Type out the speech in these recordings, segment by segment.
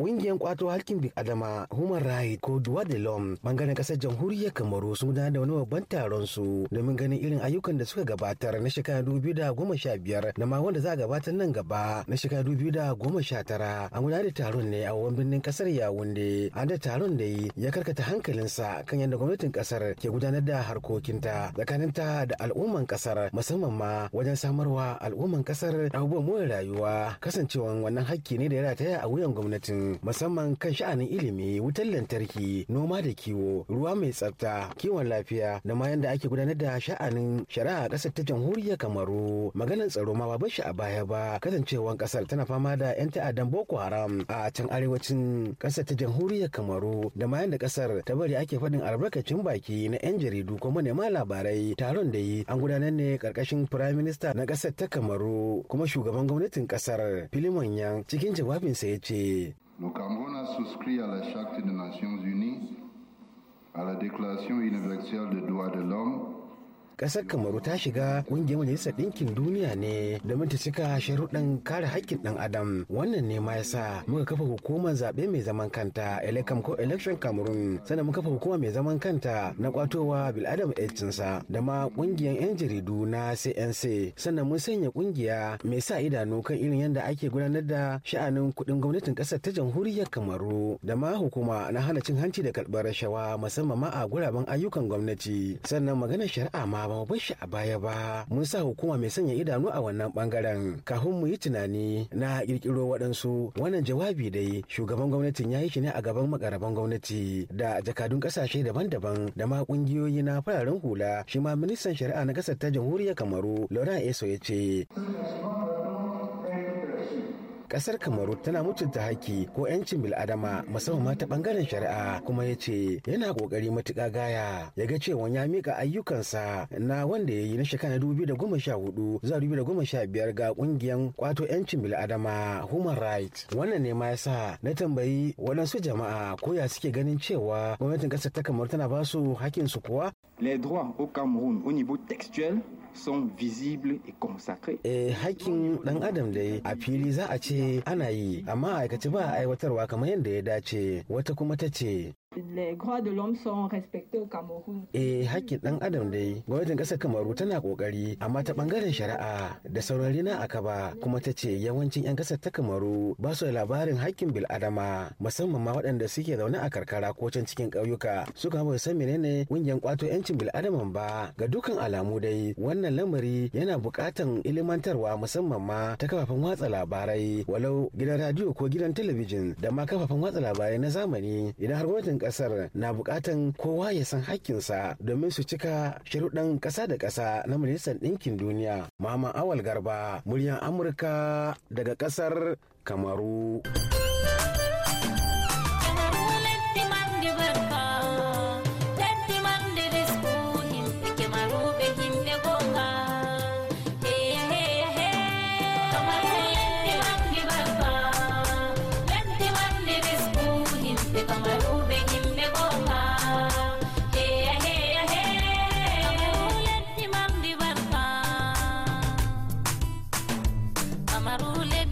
Ƙungiyar kwato hakkin bin adama Human Rights ko Duwa de Lom bangaren ƙasar jamhuriyar Kamaru sun gudanar da wani babban taron su domin ganin irin ayyukan da suka gabatar na shekara dubu biyu da goma sha biyar da ma wanda za a gabatar nan gaba na shekara dubu biyu da goma sha tara. An gudanar da taron ne a wani birnin ƙasar Yawunde. An da taron da ya karkata hankalinsa kan yadda gwamnatin ƙasar ke gudanar da harkokinta tsakaninta da al'umman ƙasar musamman ma wajen samarwa al'umman ƙasar abubuwan more rayuwa kasancewan wannan hakki ne da ya rataya a wuyan gwamnatin. musamman kan sha'anin ilimi wutar lantarki noma da kiwo ruwa mai tsafta kiwon lafiya da ma yanda ake gudanar da sha'anin shari'a a ƙasar ta jamhuriyar kamaru maganar tsaro ma ba shi a baya ba kasancewar ƙasar tana fama da 'yan ta'addan boko haram a can arewacin ƙasar ta jamhuriyar kamaru da ma yanda ƙasar ta bari ake faɗin albarkacin baki na 'yan jaridu ko ma labarai taron da yi an gudanar ne ƙarƙashin firayim minista na ƙasar ta kamaru kuma shugaban gwamnatin ƙasar filimon yan cikin jawabinsa ya ce Le Cameroun a souscrit à la Charte des Nations Unies, à la Déclaration universelle des droits de l'homme ƙasar kamaru ta shiga ƙungiyar majalisar ɗinkin duniya ne domin ta cika sharuɗan kare haƙƙin ɗan adam wannan ne ma yasa muka kafa hukumar zaɓe mai zaman kanta elekam ko election cameroon sannan muka kafa hukuma mai zaman kanta na kwatowa bil'adam sa da ma ƙungiyar 'yan jaridu na cnc sannan mun sanya kungiya mai sa idanu kan irin yadda ake gudanar da sha'anin kuɗin gwamnatin ƙasar ta jamhuriyar kamaru da ma hukuma na hana cin hanci da karɓar rashawa musamman ma a guraben ayyukan gwamnati sannan maganar shari'a ma ba mu bar shi a baya ba mun sa hukuma mai sanya idanu a wannan bangaren kafin mu yi tunani na kirkiro waɗansu wannan jawabi dai shugaban gwamnatin ya yi shi ne a gaban makaraban gwamnati da jakadun ƙasashe daban-daban da ma ƙungiyoyi na fararen hula shi ma ministan shari'a na ƙasar ta jamhuriyar kamaru laurent eso ya ce kasar kamaru tana mutunta haƙƙi ko 'yancin bil'adama musamman ta bangaren shari'a kuma ya ce yana ƙoƙari matuƙa gaya ya ga cewa ya mika ayyukansa na wanda ya yi na shekara dubu biyu da goma sha hudu zuwa dubu biyu da goma sha biyar ga ƙungiyar kwato 'yancin bil'adama human rights wannan ne ma yasa na tambayi waɗansu jama'a ko ya suke ganin cewa gwamnatin kasar ta kamaru tana ba su haƙƙinsu kuwa. Les droits au Cameroun au niveau textuel son visible et consacré. Eh, hakkin ɗan adam dai a fili za a ce ana yi amma aikace ba aiwatarwa kamar yadda ya dace wata kuma ta ce Eh hakkin ɗan adam dai gwamnatin ƙasar Kamaru tana ƙoƙari amma ta ɓangaren shari'a da saurari na aka ba kuma ta ce yawancin 'yan ƙasar ta Kamaru ba su da labarin hakkin bil'adama musamman ma waɗanda suke zaune a karkara ko can cikin ƙauyuka suka ba san menene ƙungiyar ƙwato 'yancin bil'adama ba ga dukkan alamu dai wannan lamari yana buƙatan ilimantarwa musamman ma ta kafafen watsa labarai walau gidan radiyo ko gidan talabijin da ma kafafen watsa labarai na zamani idan har gwamnatin kasar na bukatan kowa ya san hakkinsa domin su cika sharuɗan ƙasa da ƙasa na majalisar ɗinkin duniya mama awal garba muryan amurka daga ƙasar kamaru. Come on. Amarule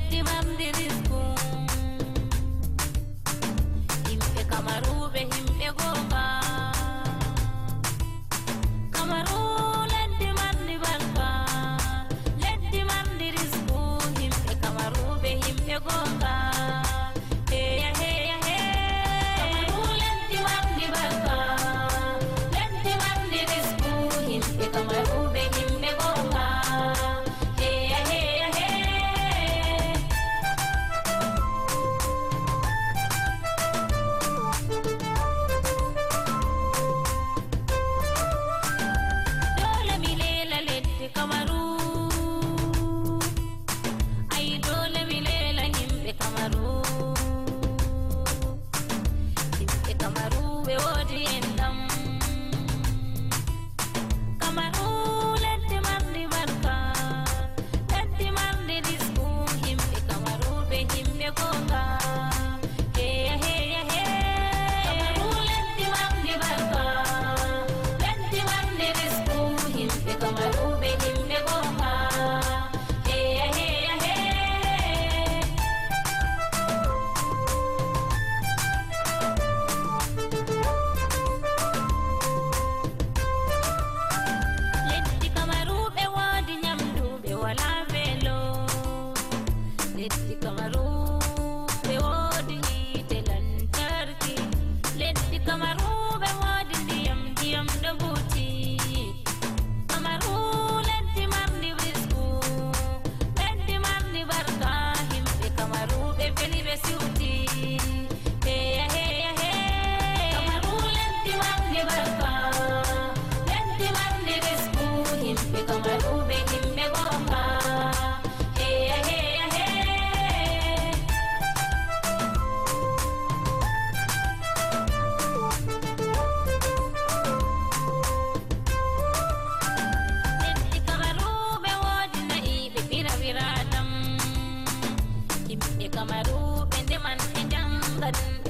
gamaru, and the man